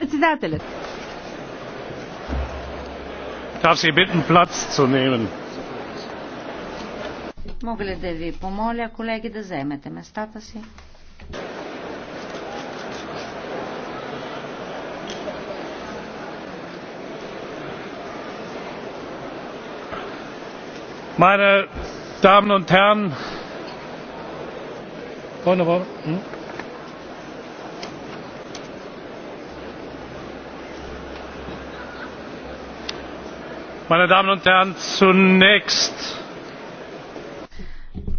Председателят. Darf Sie bitten, Platz zu nehmen. Мога ли да ви помоля, колеги, да заемете местата си? Meine Damen und Herren, Meine Damen und Herren, zunächst.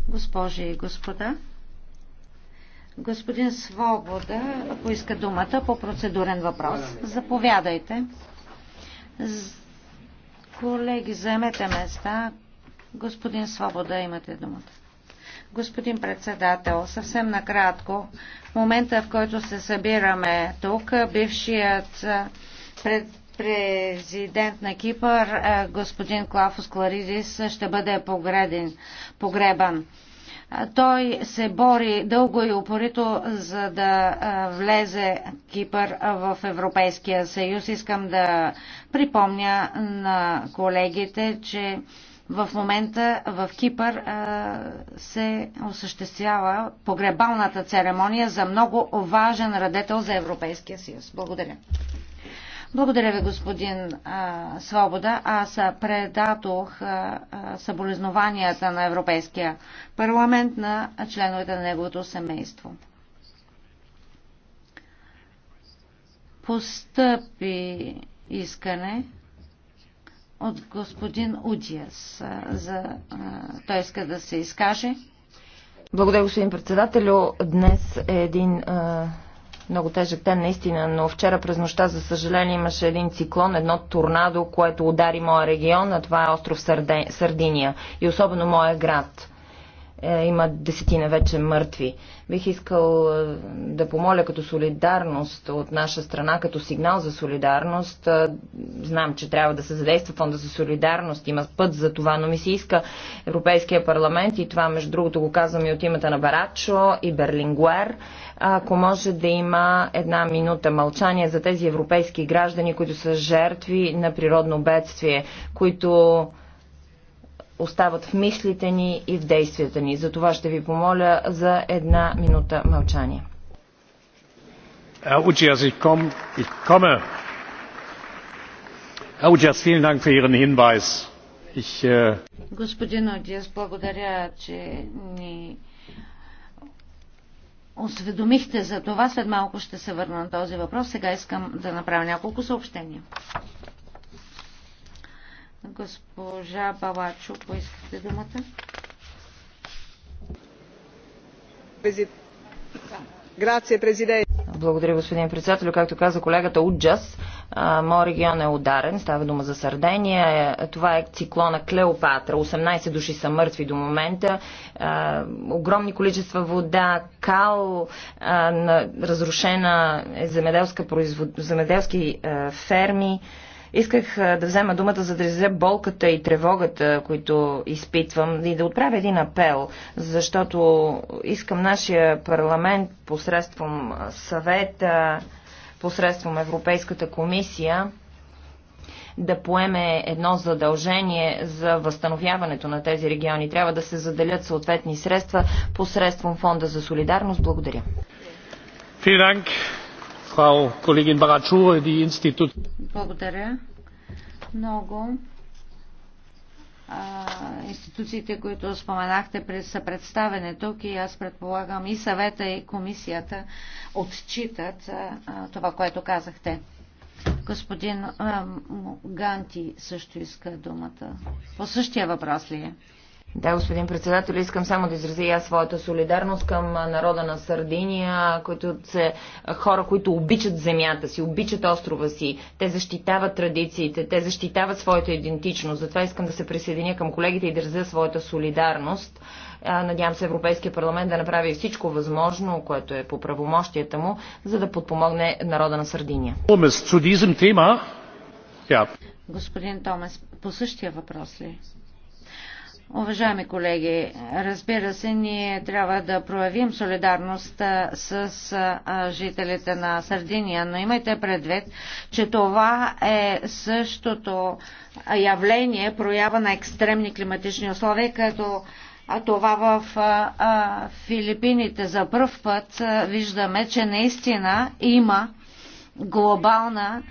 Госпожи и господа, господин Свобода поиска думата по процедурен въпрос. Заповядайте. Колеги, заемете места. Господин Свобода, имате думата. Господин председател, съвсем накратко, в момента в който се събираме тук, бившият пред президент на Кипър, е, господин Клафос Кларидис, ще бъде погреден, погребан. Е, той се бори дълго и упорито, за да е, влезе Кипър в Европейския съюз. Искам да припомня на колегите, че в момента в Кипър се осъществява погребалната церемония за много важен радетел за Европейския съюз. Благодаря. Благодаря ви, господин а, Свобода. Аз предадох а, а, съболезнованията на Европейския парламент на членовете на неговото семейство. Постъпи искане от господин Удиас. За, а, той иска да се изкаже. Благодаря, господин председателю. Днес е един а, много тежък ден наистина, но вчера през нощта, за съжаление, имаше един циклон, едно торнадо, което удари моя регион, а това е остров Сърдиния и особено моя град. Е, има десетина вече мъртви. Бих искал е, да помоля като солидарност от наша страна, като сигнал за солидарност. Е, знам, че трябва да се задейства фонда за солидарност, има път за това, но ми се иска Европейския парламент и това, между другото, го казвам и от имата на Барачо и Берлингуер, ако може да има една минута мълчание за тези европейски граждани, които са жертви на природно бедствие, които остават в мислите ни и в действията ни. За това ще ви помоля за една минута мълчание. Äh, Господин Одиас, благодаря, че ни осведомихте за това. След малко ще се върна на този въпрос. Сега искам да направя няколко съобщения. Госпожа Балачо, поискате думата. Благодаря, господин председател. Както каза колегата Уджас, моят регион е ударен. Става дума за Сърдения. Това е циклона Клеопатра. 18 души са мъртви до момента. Огромни количества вода, кал, разрушена е земеделски ферми. Исках да взема думата, за да изразя болката и тревогата, които изпитвам, и да отправя един апел, защото искам нашия парламент посредством съвета, посредством Европейската комисия да поеме едно задължение за възстановяването на тези региони. Трябва да се заделят съответни средства посредством Фонда за солидарност. Благодаря. Благодаря много. институциите, които споменахте, пред, са тук и аз предполагам и съвета и комисията отчитат това, което казахте. Господин Ганти също иска думата. По същия въпрос ли е? Да, господин председател, искам само да изразя и аз своята солидарност към народа на Сардиния, които са хора, които обичат земята си, обичат острова си, те защитават традициите, те защитават своята идентичност. Затова искам да се присъединя към колегите и да изразя своята солидарност. Надявам се Европейския парламент да направи всичко възможно, което е по правомощията му, за да подпомогне народа на Сардиния. Господин Томес, по същия въпрос ли? Уважаеми колеги, разбира се, ние трябва да проявим солидарност с жителите на Сардиния, но имайте предвид, че това е същото явление, проява на екстремни климатични условия, като това в Филипините за първ път виждаме, че наистина има глобална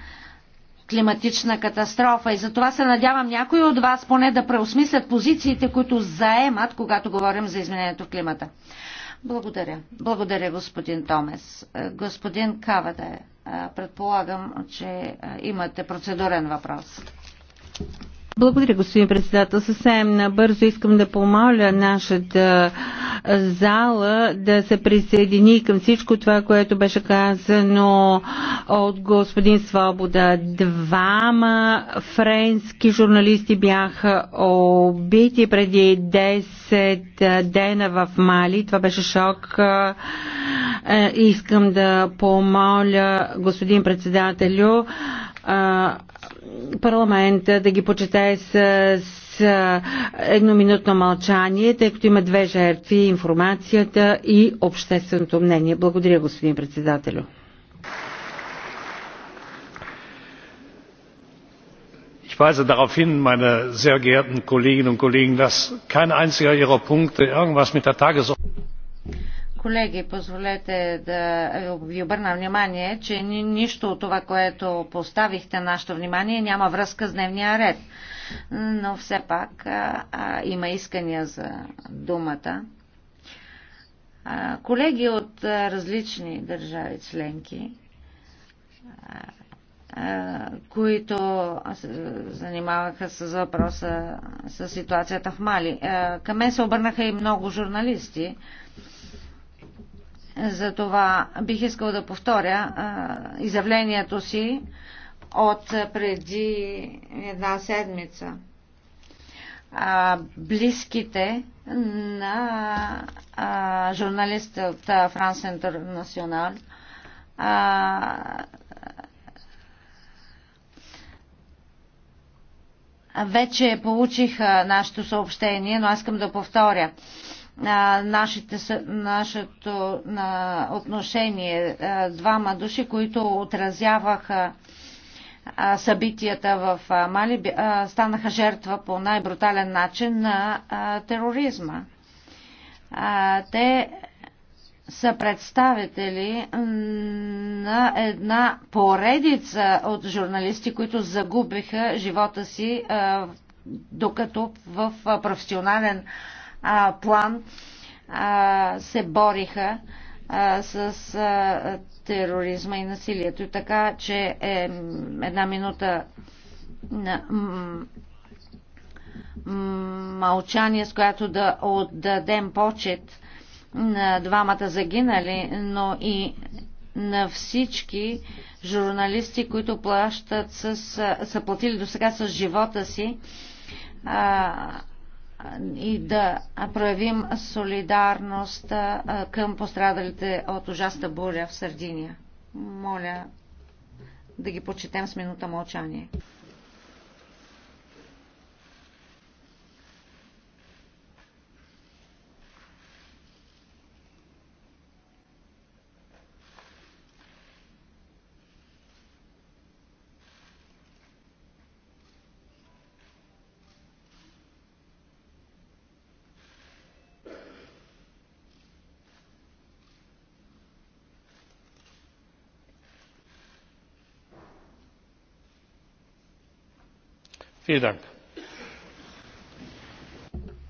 климатична катастрофа. И затова се надявам някои от вас поне да преосмислят позициите, които заемат, когато говорим за изменението в климата. Благодаря. Благодаря, господин Томес. Е, господин Каваде, е, предполагам, че е, имате процедурен въпрос. Благодаря, господин председател. Съвсем набързо искам да помоля нашата зала да се присъедини към всичко това, което беше казано от господин Свобода. Двама френски журналисти бяха убити преди 10 дена в Мали. Това беше шок. Е, искам да помоля господин председателю парламента да ги почете с едноминутно мълчание, тъй като има две жертви информацията и общественото мнение. Благодаря, господин председателю. ich weise darauf hin meine sehr geehrten kolleginnen und kollegen dass kein einziger ihrer punkte irgendwas mit der tagesordnung. Колеги, позволете да ви обърна внимание, че ни, нищо от това, което поставихте нашето внимание, няма връзка с дневния ред. Но все пак а, а, има искания за думата. А, колеги от а, различни държави членки, а, а, които занимаваха с въпроса с ситуацията в Мали. А, към мен се обърнаха и много журналисти. Затова бих искал да повторя изявлението си от преди една седмица. Близките на журналиста от Франс Интернационал вече получих нашето съобщение, но аз искам да повторя нашите, нашето на отношение. Двама души, които отразяваха събитията в Мали, станаха жертва по най-брутален начин на тероризма. Те са представители на една поредица от журналисти, които загубиха живота си, докато в професионален а, план а, се бориха а, с а, тероризма и насилието. Така че е, една минута на мълчание, с която да отдадем почет на двамата загинали, но и на всички журналисти, които плащат с, са платили до сега с живота си а, и да проявим солидарност към пострадалите от ужасна буря в Сардиния. Моля да ги почетем с минута мълчание. Vielen Dank.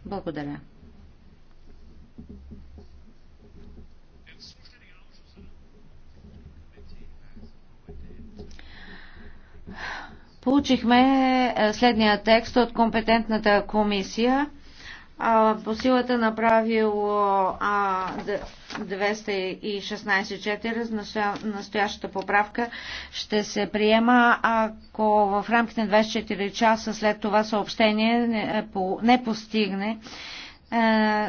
Благодаря. Получихме е, следния текст от компетентната комисия а, по силата на правило а, 216.4 настоящата поправка ще се приема, ако в рамките на 24 часа след това съобщение не, е, не постигне е,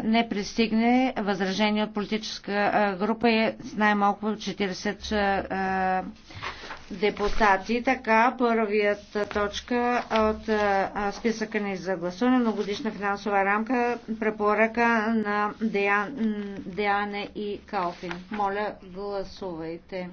не пристигне възражение от политическа е, група и най-малко 40 депутати. Така, първият точка от списъка ни за гласуване, многодишна финансова рамка, препоръка на Деяне и Калфин. Моля, гласувайте.